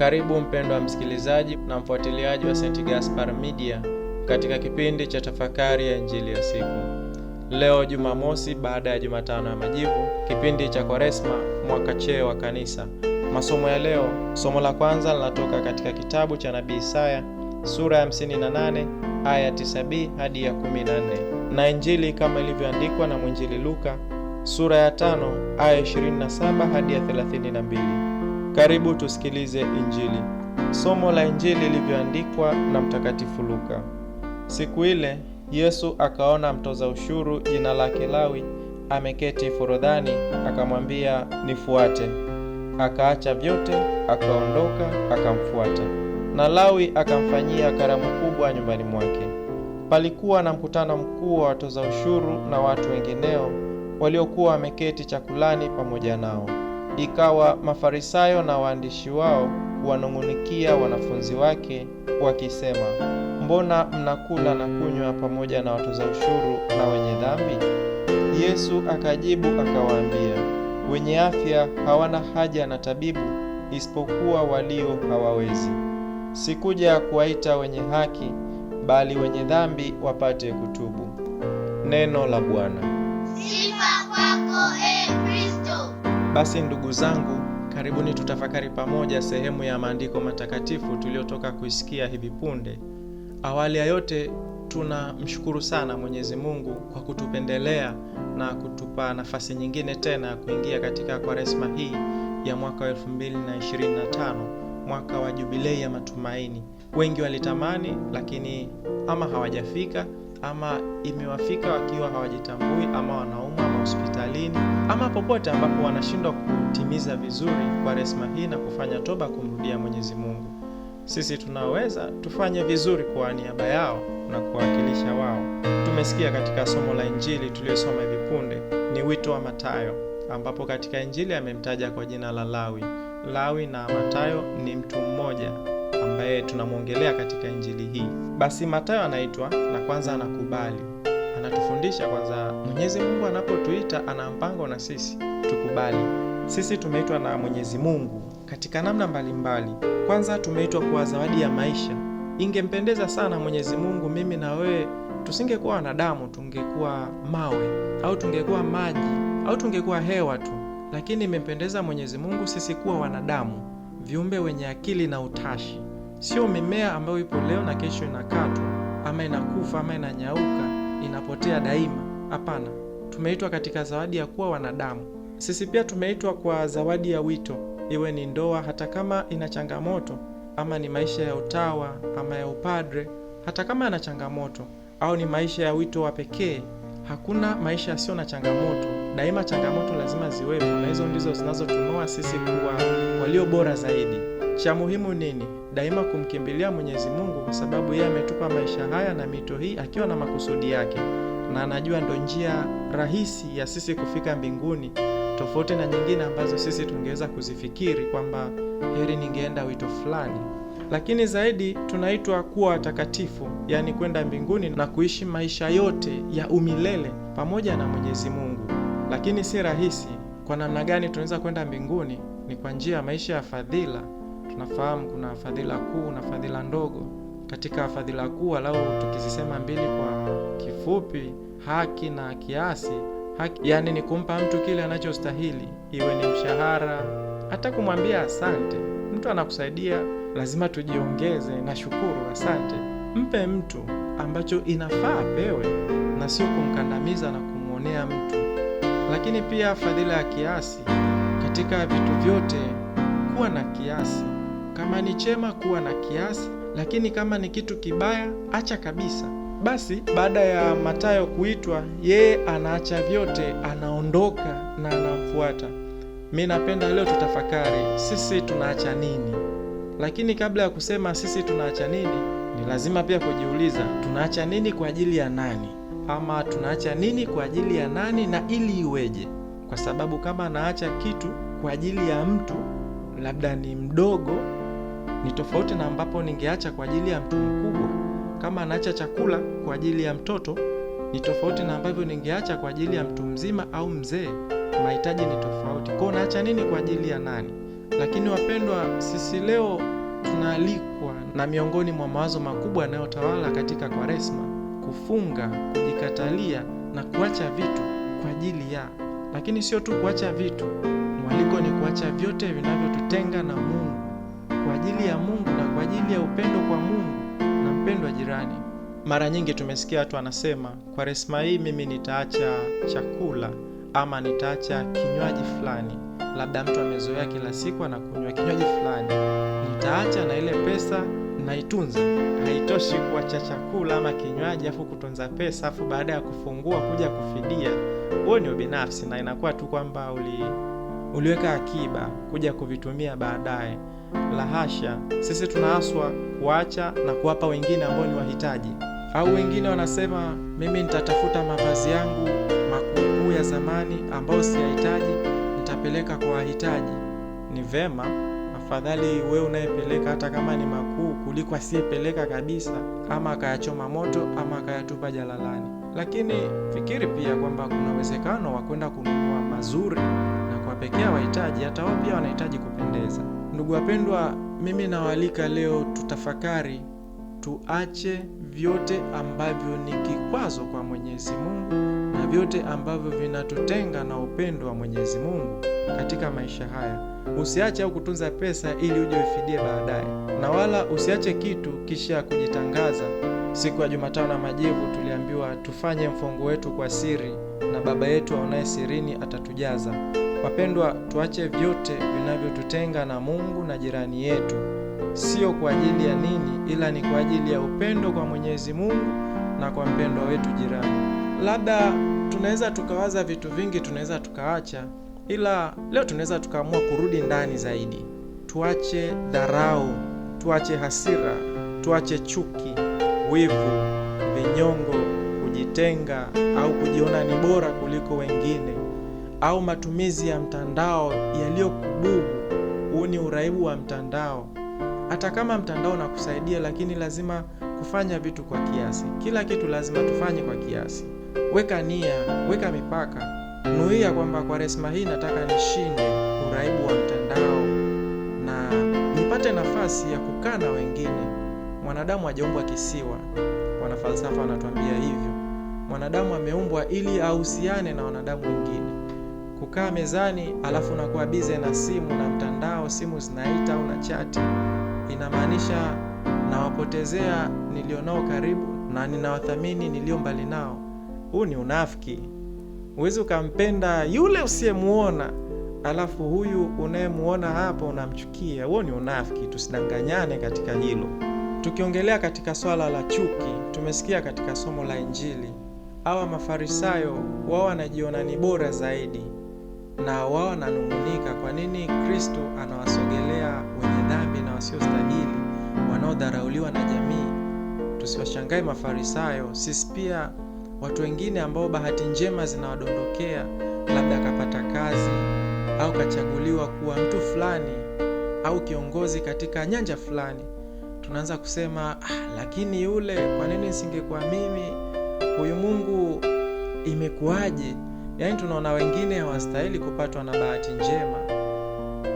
Karibu mpendwa msikilizaji na mfuatiliaji wa St. Gaspar Media katika kipindi cha tafakari ya injili ya siku. Leo Jumamosi baada ya Jumatano ya Majivu, kipindi cha Kwaresma mwaka C wa Kanisa. Masomo ya leo, somo la kwanza linatoka katika kitabu cha nabii Isaya sura ya 58 aya 9b hadi ya 14, na injili kama ilivyoandikwa na mwinjili Luka sura ya 5 aya 27 hadi ya 32. Karibu tusikilize Injili. Somo la Injili lilivyoandikwa na Mtakatifu Luka. Siku ile Yesu akaona mtoza ushuru jina lake Lawi ameketi forodhani, akamwambia, nifuate. Akaacha vyote, akaondoka, akamfuata. Na Lawi akamfanyia karamu kubwa nyumbani mwake. Palikuwa na mkutano mkuu wa watoza ushuru na watu wengineo waliokuwa wameketi chakulani pamoja nao. Ikawa Mafarisayo na waandishi wao wanong'onikia wanafunzi wake wakisema, mbona mnakula na kunywa pamoja na watoza ushuru na wenye dhambi? Yesu akajibu akawaambia, wenye afya hawana haja na tabibu, isipokuwa walio hawawezi. Sikuja kuwaita wenye haki, bali wenye dhambi wapate kutubu. Neno la Bwana. Sifa kwako, eh. Basi ndugu zangu, karibuni tutafakari pamoja sehemu ya maandiko matakatifu tuliyotoka kuisikia hivi punde. Awali ya yote, tunamshukuru sana Mwenyezi Mungu kwa kutupendelea na kutupa nafasi nyingine tena ya kuingia katika Kwaresma hii ya mwaka wa 2025, mwaka wa jubilei ya matumaini. Wengi walitamani lakini ama hawajafika ama imewafika wakiwa hawajitambui ama wanaumwa ama hospitalini ama popote ambapo wanashindwa kutimiza vizuri kwa resma hii na kufanya toba kumrudia Mwenyezi Mungu. Sisi tunaweza tufanye vizuri kwa niaba yao na kuwakilisha wao. Tumesikia katika somo la Injili tuliyosoma hivi punde, ni wito wa matayo ambapo katika Injili amemtaja kwa jina la Lawi. Lawi na matayo ni mtu mmoja ambaye tunamwongelea katika injili hii. Basi Mathayo anaitwa na kwanza anakubali, anatufundisha kwanza, Mwenyezi Mungu anapotuita ana mpango na sisi tukubali. Sisi tumeitwa na Mwenyezi Mungu katika namna mbalimbali mbali. Kwanza tumeitwa kuwa zawadi ya maisha. Ingempendeza sana Mwenyezi Mungu mimi na wewe tusingekuwa wanadamu, tungekuwa mawe au tungekuwa maji au tungekuwa hewa tu, lakini imempendeza Mwenyezi Mungu sisi kuwa wanadamu, viumbe wenye akili na utashi sio mimea ambayo ipo leo na kesho inakatwa ama inakufa ama inanyauka inapotea daima. Hapana, tumeitwa katika zawadi ya kuwa wanadamu. Sisi pia tumeitwa kwa zawadi ya wito, iwe ni ndoa, hata kama ina changamoto, ama ni maisha ya utawa ama ya upadre, hata kama ana changamoto, au ni maisha ya wito wa pekee. Hakuna maisha yasiyo na changamoto, daima changamoto lazima ziwepo, na hizo ndizo zinazotunoa sisi kuwa walio bora zaidi. Cha muhimu nini? Daima kumkimbilia Mwenyezi Mungu, kwa sababu yeye ametupa maisha haya na mito hii akiwa na makusudi yake, na anajua ndo njia rahisi ya sisi kufika mbinguni, tofauti na nyingine ambazo sisi tungeweza kuzifikiri kwamba heri ningeenda wito fulani. Lakini zaidi tunaitwa kuwa watakatifu, yaani kwenda mbinguni na kuishi maisha yote ya umilele pamoja na Mwenyezi Mungu, lakini si rahisi. Kwa namna gani tunaweza kwenda mbinguni? Ni kwa njia ya maisha ya fadhila. Tunafahamu kuna fadhila kuu na fadhila ndogo. Katika fadhila kuu, alau tukizisema mbili kwa kifupi, haki na kiasi. Haki yani ni kumpa mtu kile anachostahili, iwe ni mshahara, hata kumwambia asante. Mtu anakusaidia, lazima tujiongeze na shukuru, asante. Mpe mtu ambacho inafaa pewe na sio kumkandamiza na kumwonea mtu. Lakini pia fadhila ya kiasi, katika vitu vyote kuwa na kiasi. Kama ni chema, kuwa na kiasi, lakini kama ni kitu kibaya, acha kabisa. Basi baada ya Mathayo kuitwa, yeye anaacha vyote, anaondoka na anamfuata. Mi napenda leo tutafakari sisi tunaacha nini. Lakini kabla ya kusema sisi tunaacha nini, ni lazima pia kujiuliza tunaacha nini kwa ajili ya nani, ama tunaacha nini kwa ajili ya nani na ili iweje? Kwa sababu kama anaacha kitu kwa ajili ya mtu labda ni mdogo ni tofauti na ambapo ningeacha kwa ajili ya mtu mkubwa. Kama anaacha chakula kwa ajili ya mtoto, ni tofauti na ambavyo ningeacha kwa ajili ya mtu mzima au mzee. Mahitaji ni tofauti. Kwa unaacha nini kwa ajili ya nani? Lakini wapendwa, sisi leo tunaalikwa na miongoni mwa mawazo makubwa yanayotawala katika Kwaresma, kufunga, kujikatalia na kuacha vitu kwa ajili ya. Lakini sio tu kuacha vitu, mwaliko ni kuacha vyote vinavyotutenga na Mungu ajili ya Mungu na kwa ajili ya upendo kwa Mungu na mpendo wa jirani. Mara nyingi tumesikia watu wanasema, Kwaresma hii mimi nitaacha chakula ama nitaacha kinywaji fulani. Labda mtu amezoea kila siku anakunywa kinywaji fulani, nitaacha na ile pesa naitunza. Haitoshi kuacha chakula ama kinywaji afu kutunza pesa afu baada ya kufungua kuja kufidia, huo ni ubinafsi na inakuwa tu kwamba uli uliweka akiba kuja kuvitumia baadaye. La hasha, sisi tunaaswa kuacha na kuwapa wengine ambao ni wahitaji. Au wengine wanasema mimi nitatafuta mavazi yangu makuukuu ya zamani ambayo siyahitaji, nitapeleka kwa wahitaji. Ni vema afadhali we unayepeleka hata kama ni makuu kuliko asiyepeleka kabisa, ama akayachoma moto ama akayatupa jalalani. Lakini fikiri pia kwamba kuna uwezekano wa kwenda kununua mazuri na kuwapekea wahitaji, hata wao pia wanahitaji kupendeza. Ndugu wapendwa, mimi nawaalika leo tutafakari, tuache vyote ambavyo ni kikwazo kwa Mwenyezi Mungu na vyote ambavyo vinatutenga na upendo wa Mwenyezi Mungu katika maisha haya. Usiache au kutunza pesa ili uje ufidie baadaye, na wala usiache kitu kisha kujitangaza. Siku ya Jumatano na Majivu tuliambiwa tufanye mfungo wetu kwa siri na Baba yetu aonaye sirini atatujaza. Wapendwa, tuache vyote vinavyotutenga na Mungu na jirani yetu, sio kwa ajili ya nini, ila ni kwa ajili ya upendo kwa Mwenyezi Mungu na kwa mpendwa wetu jirani. Labda tunaweza tukawaza vitu vingi, tunaweza tukaacha, ila leo tunaweza tukaamua kurudi ndani zaidi. Tuache dharau, tuache hasira, tuache chuki, wivu, vinyongo, kujitenga au kujiona ni bora kuliko wengine au matumizi ya mtandao yaliyokubugu. Huu ni uraibu wa mtandao. Hata kama mtandao unakusaidia, lakini lazima kufanya vitu kwa kiasi. Kila kitu lazima tufanye kwa kiasi. Weka nia, weka mipaka, nuia kwamba kwa Kwaresma hii nataka nishinde uraibu wa mtandao na nipate nafasi ya kukaa na wengine. Mwanadamu hajaumbwa kisiwa. Wanafalsafa wanatuambia hivyo. Mwanadamu ameumbwa ili ahusiane na wanadamu wengine kukaa mezani alafu unakuwa bize na simu na mtandao, simu zinaita au na chati, inamaanisha nawapotezea nilionao karibu na ninawathamini nilio mbali nao. Huu ni unafiki. Huwezi ukampenda yule usiyemuona alafu huyu unayemuona hapa unamchukia. Huo ni unafiki, tusidanganyane katika hilo. Tukiongelea katika swala la chuki, tumesikia katika somo la Injili hawa Mafarisayo wao wanajiona ni bora zaidi na wao wananung'unika, kwa nini Kristo anawasogelea wenye dhambi na wasiostahili, wanaodharauliwa na jamii? Tusiwashangae Mafarisayo, sisi pia watu wengine ambao bahati njema zinawadondokea, labda akapata kazi au kachaguliwa kuwa mtu fulani au kiongozi katika nyanja fulani, tunaanza kusema ah, lakini yule, kwa nini isingekuwa mimi? Huyu Mungu imekuwaje? Yaani tunaona wengine hawastahili kupatwa na bahati njema.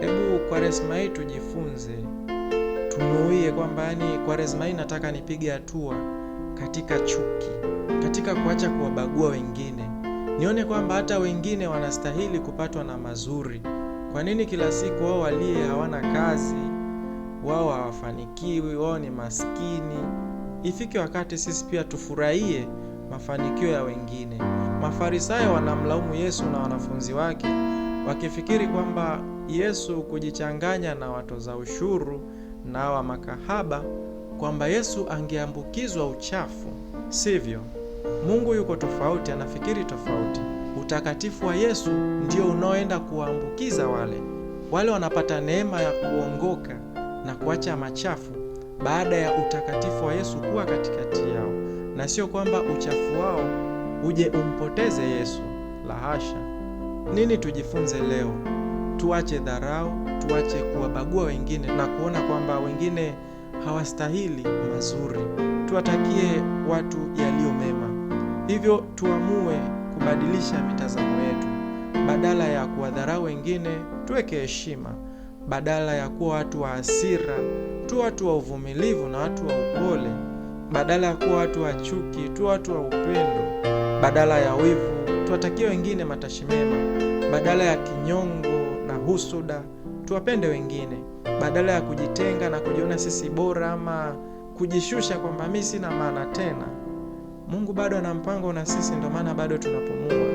Hebu kwaresma hii tujifunze, tunuie kwamba yaani kwa kwaresma hii nataka nipige hatua katika chuki, katika kuacha kuwabagua wengine, nione kwamba hata wengine wanastahili kupatwa na mazuri. Kwa nini kila siku wao waliye hawana kazi, wao hawafanikiwi, wao ni maskini? Ifike wakati sisi pia tufurahie mafanikio ya wengine. Mafarisayo wanamlaumu Yesu na wanafunzi wake wakifikiri kwamba Yesu kujichanganya na watoza ushuru na wa makahaba, kwamba Yesu angeambukizwa uchafu. Sivyo, Mungu yuko tofauti, anafikiri tofauti. Utakatifu wa Yesu ndio unaoenda kuwaambukiza wale wale, wanapata neema ya kuongoka na kuacha machafu baada ya utakatifu wa Yesu kuwa katikati yao, na sio kwamba uchafu wao uje umpoteze Yesu. La hasha! Nini tujifunze leo? Tuache dharau, tuache kuwabagua wengine na kuona kwamba wengine hawastahili mazuri. Tuwatakie watu yaliyo mema, hivyo tuamue kubadilisha mitazamo yetu. Badala ya kuwadharau wengine, tuweke heshima. Badala ya kuwa watu wa hasira, tu watu wa uvumilivu na watu wa upole. Badala ya kuwa watu wa chuki, tu watu wa upendo. Badala ya wivu, tuwatakie wengine matashi mema. Badala ya kinyongo na husuda, tuwapende wengine. Badala ya kujitenga na kujiona sisi bora ama kujishusha kwamba mimi sina maana tena, Mungu bado ana mpango na sisi, ndio maana bado tunapumua.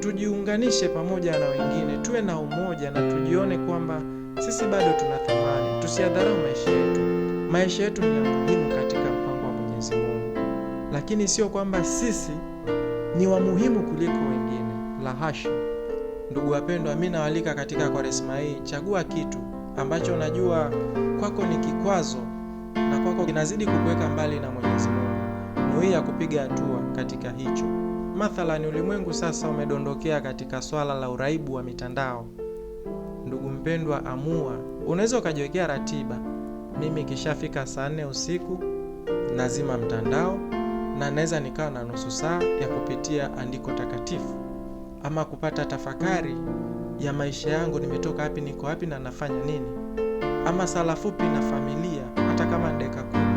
Tujiunganishe pamoja na wengine, tuwe na umoja na tujione kwamba sisi bado tuna thamani. Tusiadharau maisha yetu. Maisha yetu ni ya muhimu katika mpango wa Mwenyezi Mungu, lakini sio kwamba sisi ni wa muhimu kuliko wengine. La hasha! Ndugu wapendwa, mimi nawaalika katika Kwaresma hii, chagua kitu ambacho unajua kwako ni kikwazo na kwako kinazidi kukuweka mbali na Mwenyezi Mungu. Nuia kupiga hatua katika hicho. Mathalani, ulimwengu sasa umedondokea katika swala la uraibu wa mitandao. Ndugu mpendwa, amua. Unaweza ukajiwekea ratiba, mimi ikishafika saa nne usiku nazima mtandao na naweza nikawa na nusu saa ya kupitia andiko takatifu ama kupata tafakari ya maisha yangu, nimetoka wapi, niko wapi na nafanya nini, ama sala fupi na familia, hata kama dakika kumi,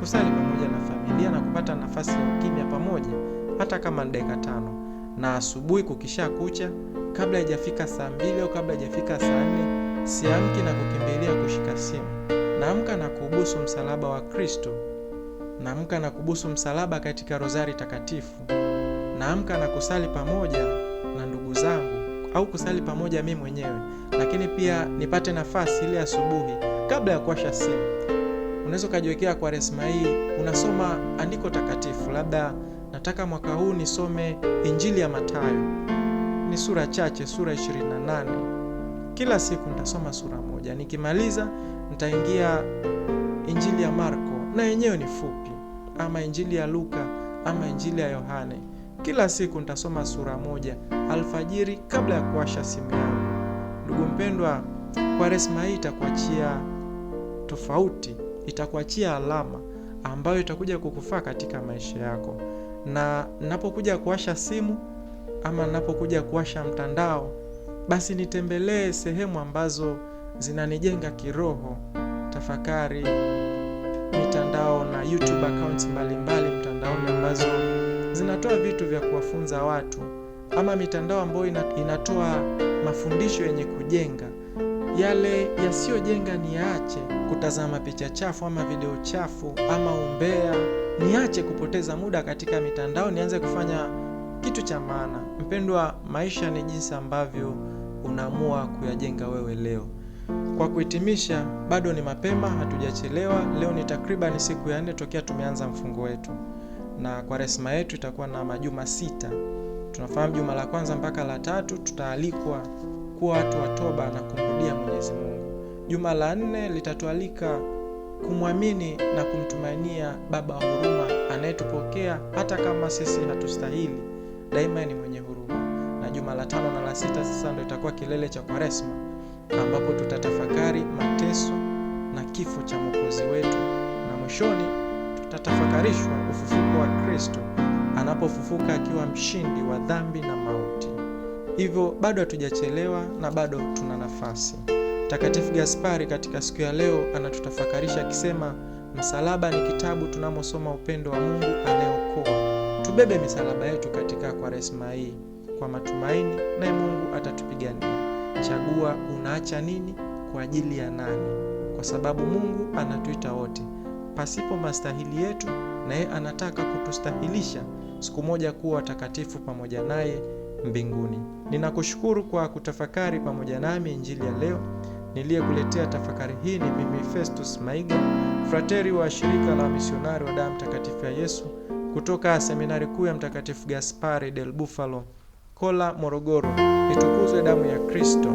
kusali pamoja na familia na kupata nafasi ya ukimya pamoja, hata kama dakika tano, na asubuhi kukisha kucha, kabla haijafika saa mbili au kabla haijafika saa nne, siamki na kukimbilia kushika simu, naamka na kuubusu msalaba wa Kristo. Naamka na kubusu msalaba katika rozari takatifu. Naamka na kusali pamoja na ndugu zangu au kusali pamoja mimi mwenyewe, lakini pia nipate nafasi ile asubuhi kabla ya kuwasha simu. Unaweza ukajiwekea resma hii, unasoma andiko takatifu. Labda nataka mwaka huu nisome Injili ya Mathayo, ni sura chache, sura 28. Kila siku nitasoma sura moja, nikimaliza nitaingia Injili ya Marko na yenyewe ni fupi, ama injili ya Luka ama injili ya Yohane. Kila siku nitasoma sura moja alfajiri kabla ya kuwasha simu yangu. Ndugu mpendwa, Kwaresma hii itakuachia tofauti, itakuachia alama ambayo itakuja kukufaa katika maisha yako, na napokuja kuwasha simu ama napokuja kuwasha mtandao, basi nitembelee sehemu ambazo zinanijenga kiroho. Tafakari mitandao na YouTube accounts mbalimbali mtandaoni ambazo zinatoa vitu vya kuwafunza watu ama mitandao ambayo inatoa mafundisho yenye kujenga. Yale yasiyojenga niache kutazama picha chafu ama video chafu ama umbea, niache kupoteza muda katika mitandao, nianze kufanya kitu cha maana. Mpendwa, maisha ni jinsi ambavyo unaamua kuyajenga wewe leo. Kwa kuhitimisha, bado ni mapema, hatujachelewa. Leo ni takriban siku ya nne tokea tumeanza mfungo wetu, na kwaresma yetu itakuwa na majuma sita. Tunafahamu juma la kwanza mpaka la tatu tutaalikwa kuwa watu wa toba na kumrudia Mwenyezi Mungu. Juma la nne litatualika kumwamini na kumtumainia Baba wa huruma anayetupokea hata kama sisi hatustahili, daima ni mwenye huruma. Na juma la tano na la sita sasa ndio itakuwa kilele cha Kwaresma ambapo tutatafakari mateso na kifo cha Mwokozi wetu na mwishoni tutatafakarishwa ufufuko wa Kristo anapofufuka akiwa mshindi wa dhambi na mauti. Hivyo bado hatujachelewa na bado tuna nafasi. takatifu Gaspari katika siku ya leo anatutafakarisha akisema, msalaba ni kitabu tunamosoma upendo wa Mungu anayeokoa. Tubebe misalaba yetu katika Kwaresma hii kwa matumaini, naye Mungu atatupigania. Chagua unaacha nini kwa ajili ya nani, kwa sababu Mungu anatuita wote pasipo mastahili yetu, na yeye anataka kutustahilisha siku moja kuwa watakatifu pamoja naye mbinguni. Ninakushukuru kwa kutafakari pamoja nami injili ya leo. Niliyekuletea tafakari hii ni mimi Festus Maiga, frateri wa shirika la misionari wa damu takatifu ya Yesu kutoka seminari kuu ya Mtakatifu Gaspari del Bufalo Kola, Morogoro. Itukuzwe damu ya Kristo!